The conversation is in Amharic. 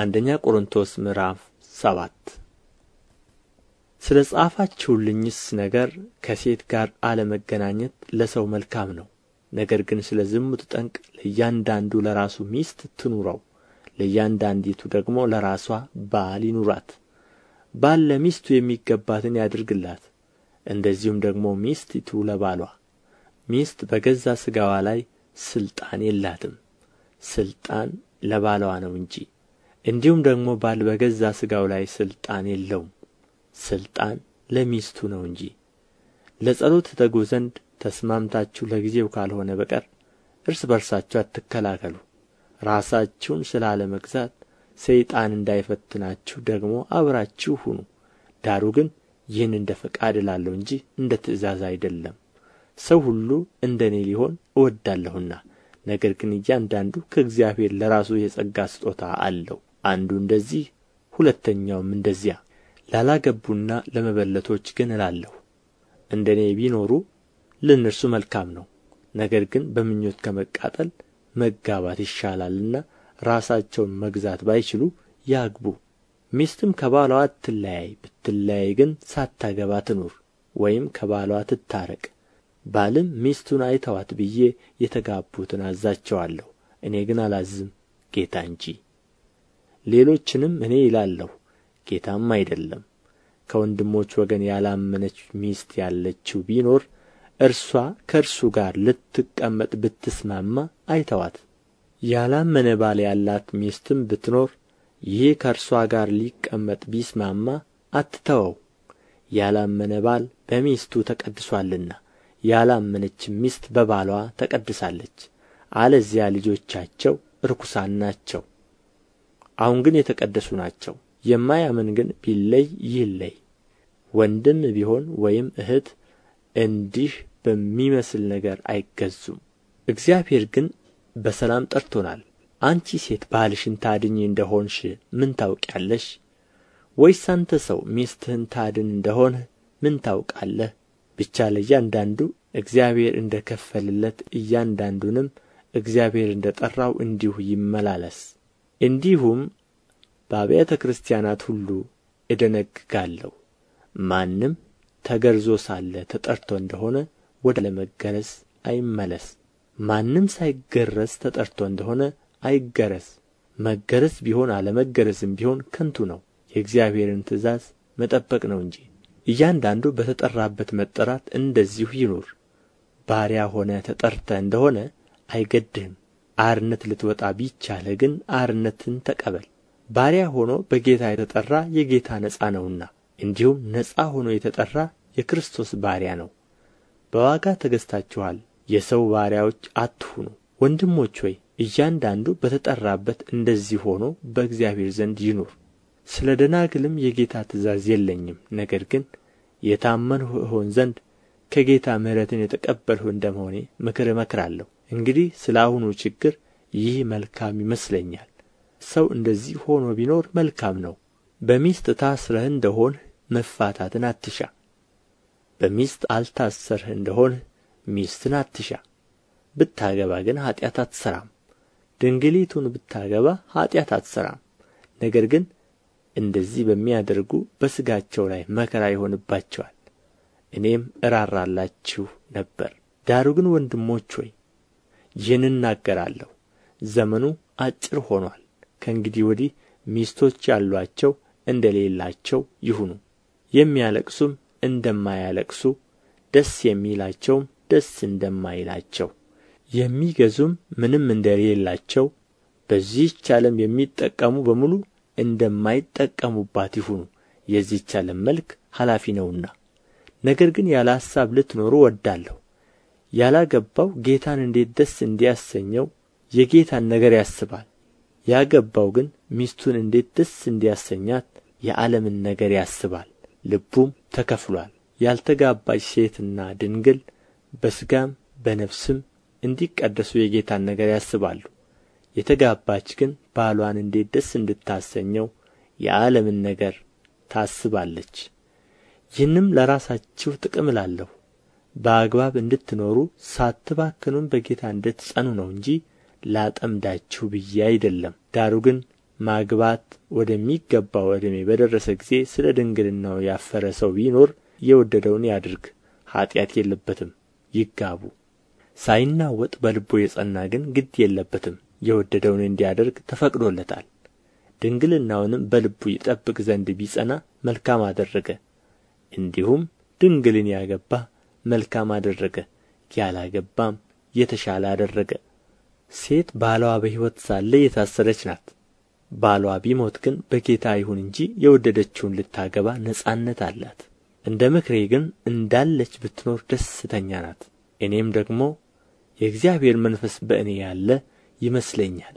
አንደኛ ቆሮንቶስ ምዕራፍ ሰባት ስለ ጻፋችሁልኝስ ነገር ከሴት ጋር አለመገናኘት ለሰው መልካም ነው። ነገር ግን ስለ ዝሙት ጠንቅ ለእያንዳንዱ ለራሱ ሚስት ትኑረው፣ ለእያንዳንዲቱ ደግሞ ለራሷ ባል ይኑራት። ባል ለሚስቱ የሚገባትን ያድርግላት፣ እንደዚሁም ደግሞ ሚስቲቱ ለባሏ። ሚስት በገዛ ሥጋዋ ላይ ሥልጣን የላትም፣ ሥልጣን ለባሏ ነው እንጂ እንዲሁም ደግሞ ባል በገዛ ሥጋው ላይ ሥልጣን የለውም ሥልጣን ለሚስቱ ነው እንጂ ለጸሎት ትተጉ ዘንድ ተስማምታችሁ ለጊዜው ካልሆነ በቀር እርስ በርሳችሁ አትከላከሉ ራሳችሁን ስለ አለመግዛት ሰይጣን እንዳይፈትናችሁ ደግሞ አብራችሁ ሁኑ ዳሩ ግን ይህን እንደ ፈቃድ እላለሁ እንጂ እንደ ትእዛዝ አይደለም ሰው ሁሉ እንደ እኔ ሊሆን እወዳለሁና ነገር ግን እያንዳንዱ ከእግዚአብሔር ለራሱ የጸጋ ስጦታ አለው አንዱ እንደዚህ ሁለተኛውም እንደዚያ ላላገቡና ለመበለቶች ግን እላለሁ እንደ እኔ ቢኖሩ ለእነርሱ መልካም ነው ነገር ግን በምኞት ከመቃጠል መጋባት ይሻላልና ራሳቸውን መግዛት ባይችሉ ያግቡ ሚስትም ከባሏ አትለያይ ብትለያይ ግን ሳታገባ ትኑር ወይም ከባሏ ትታረቅ ባልም ሚስቱን አይተዋት ብዬ የተጋቡትን አዛቸዋለሁ እኔ ግን አላዝም ጌታ እንጂ ሌሎችንም እኔ ይላለሁ ጌታም አይደለም ከወንድሞች ወገን ያላመነች ሚስት ያለችው ቢኖር እርሷ ከእርሱ ጋር ልትቀመጥ ብትስማማ አይተዋት ያላመነ ባል ያላት ሚስትም ብትኖር ይህ ከእርሷ ጋር ሊቀመጥ ቢስማማ አትተወው ያላመነ ባል በሚስቱ ተቀድሷልና ያላመነችም ሚስት በባሏ ተቀድሳለች አለዚያ ልጆቻቸው ርኩሳን ናቸው አሁን ግን የተቀደሱ ናቸው የማያምን ግን ቢለይ ይለይ ወንድም ቢሆን ወይም እህት እንዲህ በሚመስል ነገር አይገዙም እግዚአብሔር ግን በሰላም ጠርቶናል አንቺ ሴት ባልሽን ታድኝ እንደሆንሽ ምን ታውቂያለሽ ወይስ አንተ ሰው ሚስትህን ታድን እንደሆንህ ምን ታውቃለህ ብቻ ለእያንዳንዱ እግዚአብሔር እንደ ከፈልለት እያንዳንዱንም እግዚአብሔር እንደ ጠራው እንዲሁ ይመላለስ እንዲሁም በአብያተ ክርስቲያናት ሁሉ እደነግጋለሁ ማንም ተገርዞ ሳለ ተጠርቶ እንደሆነ ወደ አለመገረዝ አይመለስ ማንም ሳይገረዝ ተጠርቶ እንደሆነ አይገረስ አይገረዝ መገረዝ ቢሆን አለመገረዝም ቢሆን ከንቱ ነው የእግዚአብሔርን ትእዛዝ መጠበቅ ነው እንጂ እያንዳንዱ በተጠራበት መጠራት እንደዚሁ ይኑር ባሪያ ሆነ ተጠርተ እንደሆነ አይገድህም አርነት ልትወጣ ቢቻለ ግን አርነትን ተቀበል ባሪያ ሆኖ በጌታ የተጠራ የጌታ ነጻ ነውና እንዲሁም ነጻ ሆኖ የተጠራ የክርስቶስ ባሪያ ነው በዋጋ ተገዝታችኋል የሰው ባሪያዎች አትሁኑ ወንድሞች ሆይ እያንዳንዱ በተጠራበት እንደዚህ ሆኖ በእግዚአብሔር ዘንድ ይኑር ስለ ደናግልም የጌታ ትእዛዝ የለኝም ነገር ግን የታመንሁ እሆን ዘንድ ከጌታ ምሕረትን የተቀበልሁ እንደመሆኔ ምክር እመክራለሁ እንግዲህ ስለ አሁኑ ችግር ይህ መልካም ይመስለኛል ሰው እንደዚህ ሆኖ ቢኖር መልካም ነው በሚስት ታስረህ እንደሆን መፋታትን አትሻ በሚስት አልታሰርህ እንደሆን ሚስትን አትሻ ብታገባ ግን ኃጢአት አትሠራም ድንግሊቱን ብታገባ ኃጢአት አትሠራም ነገር ግን እንደዚህ በሚያደርጉ በሥጋቸው ላይ መከራ ይሆንባቸዋል እኔም እራራላችሁ ነበር ዳሩ ግን ወንድሞች ሆይ ይህን እናገራለሁ ዘመኑ አጭር ሆኖአል ከእንግዲህ ወዲህ ሚስቶች ያሏቸው እንደሌላቸው ይሁኑ የሚያለቅሱም እንደማያለቅሱ ደስ የሚላቸውም ደስ እንደማይላቸው የሚገዙም ምንም እንደሌላቸው በዚህች ዓለም የሚጠቀሙ በሙሉ እንደማይጠቀሙባት ይሁኑ የዚህች ዓለም መልክ ኃላፊ ነውና ነገር ግን ያለ ሐሳብ ልትኖሩ እወዳለሁ ያላገባው ጌታን እንዴት ደስ እንዲያሰኘው የጌታን ነገር ያስባል ያገባው ግን ሚስቱን እንዴት ደስ እንዲያሰኛት የዓለምን ነገር ያስባል ልቡም ተከፍሏል። ያልተጋባች ሴትና ድንግል በሥጋም በነፍስም እንዲቀደሱ የጌታን ነገር ያስባሉ የተጋባች ግን ባሏን እንዴት ደስ እንድታሰኘው የዓለምን ነገር ታስባለች ይህንም ለራሳችሁ ጥቅም እላለሁ በአግባብ እንድትኖሩ ሳትባክኑም በጌታ እንድትጸኑ ነው እንጂ ላጠምዳችሁ ብዬ አይደለም ዳሩ ግን ማግባት ወደሚገባው ዕድሜ በደረሰ ጊዜ ስለ ድንግልናው ያፈረ ሰው ቢኖር የወደደውን ያድርግ ኃጢአት የለበትም ይጋቡ ሳይናወጥ በልቦ የጸና ግን ግድ የለበትም የወደደውን እንዲያደርግ ተፈቅዶለታል ድንግልናውንም በልቡ ይጠብቅ ዘንድ ቢጸና መልካም አደረገ እንዲሁም ድንግልን ያገባ መልካም አደረገ ያላገባም የተሻለ አደረገ ሴት ባሏ በሕይወት ሳለ የታሰረች ናት ባሏ ቢሞት ግን በጌታ ይሁን እንጂ የወደደችውን ልታገባ ነጻነት አላት እንደ ምክሬ ግን እንዳለች ብትኖር ደስተኛ ናት እኔም ደግሞ የእግዚአብሔር መንፈስ በእኔ ያለ ይመስለኛል